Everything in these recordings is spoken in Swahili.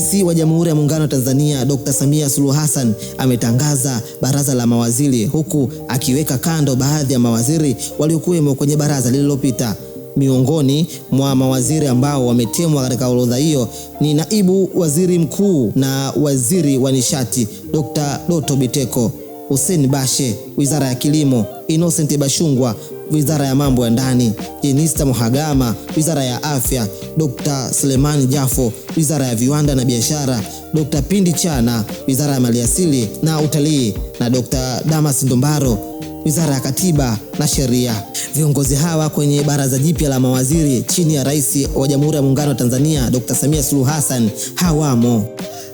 Rais wa Jamhuri ya Muungano wa Tanzania Dr. Samia Suluhu Hassan ametangaza baraza la mawaziri huku akiweka kando baadhi ya mawaziri waliokuwemo kwenye baraza lililopita. Miongoni mwa mawaziri ambao wametemwa katika orodha hiyo ni Naibu Waziri Mkuu na Waziri wa Nishati Dr. Doto Biteko, Hussein Bashe, Wizara ya Kilimo, Innocent Bashungwa wizara ya mambo ya ndani, Jenista Mhagama, wizara ya afya, Dr. Selemani Jafo, wizara ya viwanda na biashara, Dr. Pindi Chana, wizara ya maliasili na utalii, na Dr. Damas Ndumbaro, wizara ya katiba na sheria. Viongozi hawa kwenye baraza jipya la mawaziri chini ya Rais wa Jamhuri ya Muungano wa Tanzania Dr. Samia Suluhu Hassan hawamo.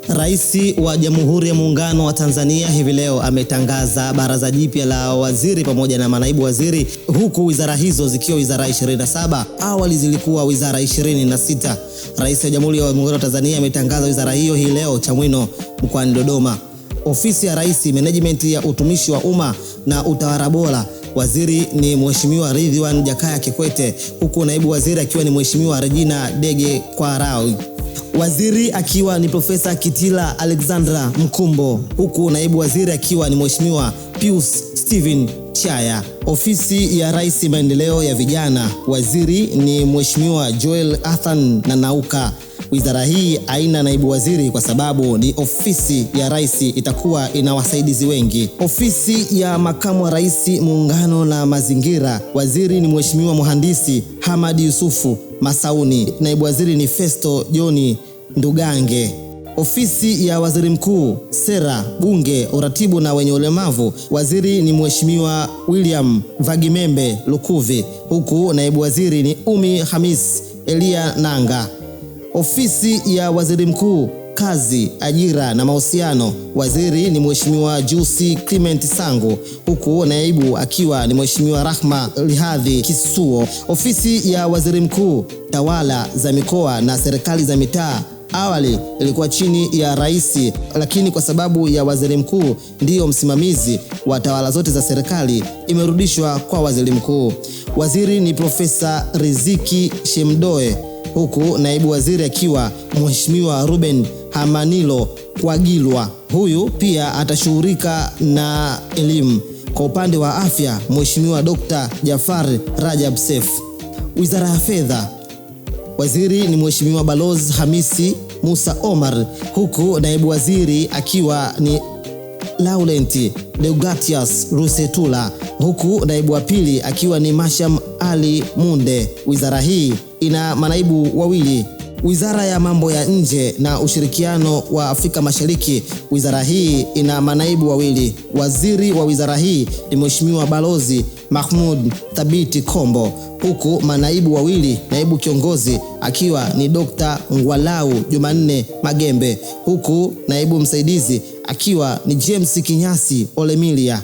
Rais wa Jamhuri ya Muungano wa Tanzania hivi leo ametangaza baraza jipya la waziri pamoja na manaibu waziri, huku wizara hizo zikiwa wizara 27. Awali zilikuwa wizara 26. Rais wa Jamhuri ya Muungano wa Tanzania ametangaza wizara hiyo hii leo Chamwino mkoani Dodoma. Ofisi ya Rais, Management ya utumishi wa umma na utawala bora Waziri ni Mheshimiwa Ridhiwan Jakaya Kikwete, huku naibu waziri akiwa ni Mheshimiwa Regina Dege Kwarao waziri akiwa ni Profesa Kitila Alexandra Mkumbo, huku naibu waziri akiwa ni Mheshimiwa Pius Steven Chaya. Ofisi ya Rais maendeleo ya vijana, waziri ni Mheshimiwa Joel Athan Nanauka. Wizara hii haina naibu waziri kwa sababu ni ofisi ya rais, itakuwa ina wasaidizi wengi. Ofisi ya makamu wa rais, muungano na mazingira, waziri ni mheshimiwa mhandisi Hamadi Yusufu. Masauni. Naibu waziri ni Festo John Ndugange. Ofisi ya Waziri Mkuu, Sera, Bunge, Uratibu na Wenye Ulemavu, waziri ni Mheshimiwa William Vagimembe Lukuvi, huku naibu waziri ni Umi Hamis Elia Nanga. Ofisi ya Waziri Mkuu kazi, ajira na mahusiano, waziri ni Mheshimiwa Jusi Clement Sangu, huku naibu akiwa ni Mheshimiwa Rahma Rihadhi Kisuo. Ofisi ya Waziri Mkuu, tawala za mikoa na serikali za mitaa awali ilikuwa chini ya rais, lakini kwa sababu ya waziri mkuu ndiyo msimamizi wa tawala zote za serikali imerudishwa kwa waziri mkuu. Waziri ni Profesa Riziki Shemdoe, huku naibu waziri akiwa Mheshimiwa Ruben Amanilo Kwagilwa. Huyu pia atashughulika na elimu. Kwa upande wa afya, Mheshimiwa dkt Jafar Rajab Seif. Wizara ya Fedha, waziri ni Mheshimiwa Balozi Hamisi Musa Omar, huku naibu waziri akiwa ni Laurent Deogratias Rusetula, huku naibu wa pili akiwa ni Masham Ali Munde. Wizara hii ina manaibu wawili Wizara ya Mambo ya Nje na Ushirikiano wa Afrika Mashariki. Wizara hii ina manaibu wawili. Waziri wa wizara hii ni Mheshimiwa Balozi Mahmud Thabiti Kombo, huku manaibu wawili, naibu kiongozi akiwa ni Dr. Ngwalau Jumanne Magembe, huku naibu msaidizi akiwa ni James Kinyasi Olemilia.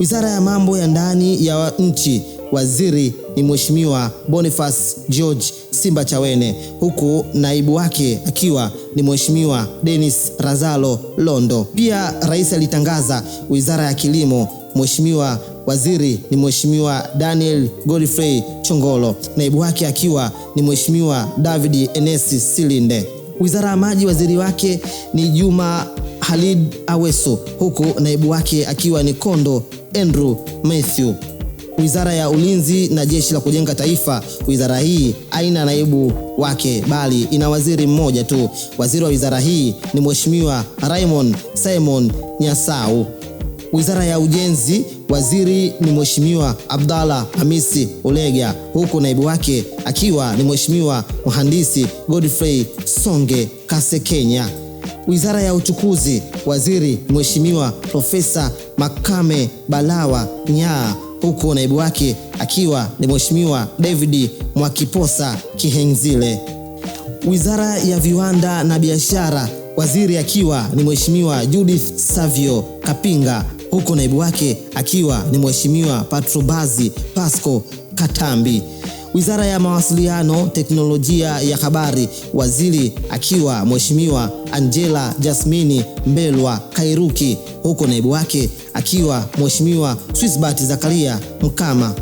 Wizara ya Mambo ya Ndani ya Nchi waziri ni Mheshimiwa Boniface George Simba Chawene, huku naibu wake akiwa ni Mheshimiwa Dennis Razalo Londo. Pia rais alitangaza wizara ya kilimo, Mheshimiwa waziri ni Mheshimiwa Daniel Godfrey Chongolo, naibu wake akiwa ni Mheshimiwa David Enesi Silinde. Wizara ya maji, waziri wake ni Juma Halid Aweso, huku naibu wake akiwa ni Kondo Andrew Mathew. Wizara ya Ulinzi na Jeshi la Kujenga Taifa, wizara hii haina naibu wake bali ina waziri mmoja tu. Waziri wa wizara hii ni Mheshimiwa Raymond Simon Nyasau. Wizara ya Ujenzi, waziri ni Mheshimiwa Abdalla Hamisi Ulega, huku naibu wake akiwa ni Mheshimiwa Mhandisi Godfrey Songe Kasekenya. Wizara ya Uchukuzi, waziri Mheshimiwa Profesa Makame Balawa Nyaa huku naibu wake akiwa ni Mheshimiwa David Mwakiposa Kihenzile. Wizara ya Viwanda na Biashara, waziri akiwa ni Mheshimiwa Judith Savio Kapinga, huku naibu wake akiwa ni Mheshimiwa Patrobazi Pasco Katambi. Wizara ya Mawasiliano, Teknolojia ya Habari, waziri akiwa Mheshimiwa Angela Jasmini Mbelwa Kairuki, huko naibu wake akiwa Mheshimiwa Swisbert Zakaria Mkama.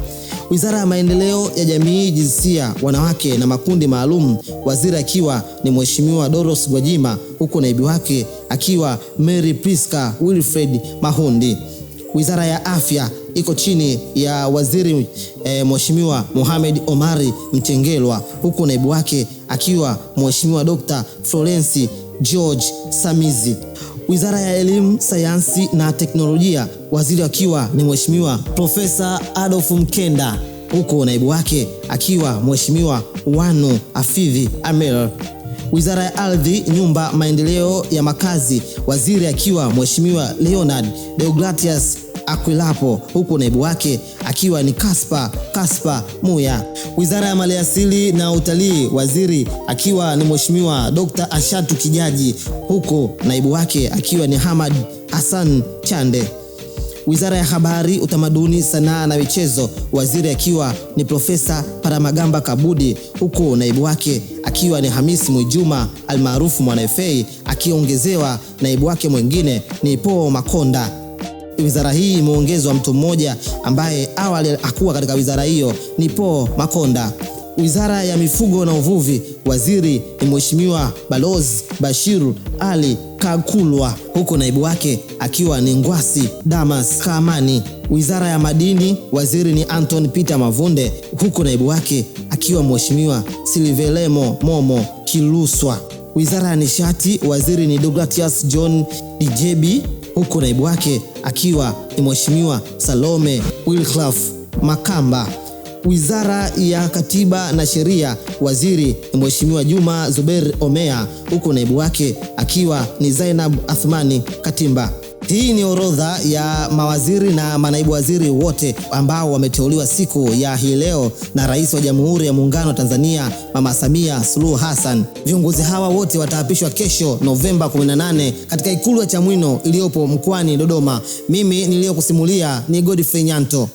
Wizara ya Maendeleo ya Jamii, Jinsia, Wanawake na Makundi Maalum, waziri akiwa ni Mheshimiwa Doros Gwajima, huko naibu wake akiwa Mary Priska Wilfred Mahundi. Wizara ya Afya iko chini ya waziri e, Mheshimiwa Mohamed Omari mtengelwa huku naibu wake akiwa Mheshimiwa Dr. Florence George Samizi. Wizara ya Elimu, Sayansi na Teknolojia, waziri akiwa ni Mheshimiwa Profesa Adolf Mkenda, huku naibu wake akiwa Mheshimiwa Wanu Afidhi Amel. Wizara ya Ardhi, Nyumba, Maendeleo ya Makazi, waziri akiwa Mheshimiwa Leonard Deogratias Akwilapo, huku naibu wake akiwa ni Kaspa Kaspa Muya. Wizara ya Maliasili na Utalii, waziri akiwa ni Mheshimiwa Dr. Ashatu Kijaji, huku naibu wake akiwa ni Hamad Hassan Chande. Wizara ya Habari, Utamaduni, Sanaa na Michezo, waziri akiwa ni Profesa Paramagamba Kabudi, huku naibu wake akiwa ni Hamisi Mwijuma almaarufu Mwanaefei, akiongezewa naibu wake mwingine ni Paul Makonda wizara hii imeongezwa mtu mmoja ambaye awali hakuwa katika wizara hiyo, ni Paul Makonda. Wizara ya Mifugo na Uvuvi, waziri ni Mheshimiwa Balozi Bashiru Ali Kakulwa, huku naibu wake akiwa ni Ngwasi Damas kamani Wizara ya Madini, waziri ni Anton Peter Mavunde, huku naibu wake akiwa Mheshimiwa Silvelemo Momo Kiluswa. Wizara ya Nishati, waziri ni Deogratias John Dijebi huku naibu wake akiwa ni Mheshimiwa Salome Wilclaf Makamba. Wizara ya Katiba na Sheria, waziri ni Mheshimiwa Juma Zuber Omea, huku naibu wake akiwa ni Zainab Athmani Katimba. Hii ni orodha ya mawaziri na manaibu waziri wote ambao wameteuliwa siku ya hii leo na Rais wa Jamhuri ya Muungano wa Tanzania Mama Samia Suluhu Hassan. Viongozi hawa wote wataapishwa kesho Novemba 18 katika Ikulu ya Chamwino iliyopo mkoani Dodoma. Mimi niliyokusimulia ni Godfrey Nyanto.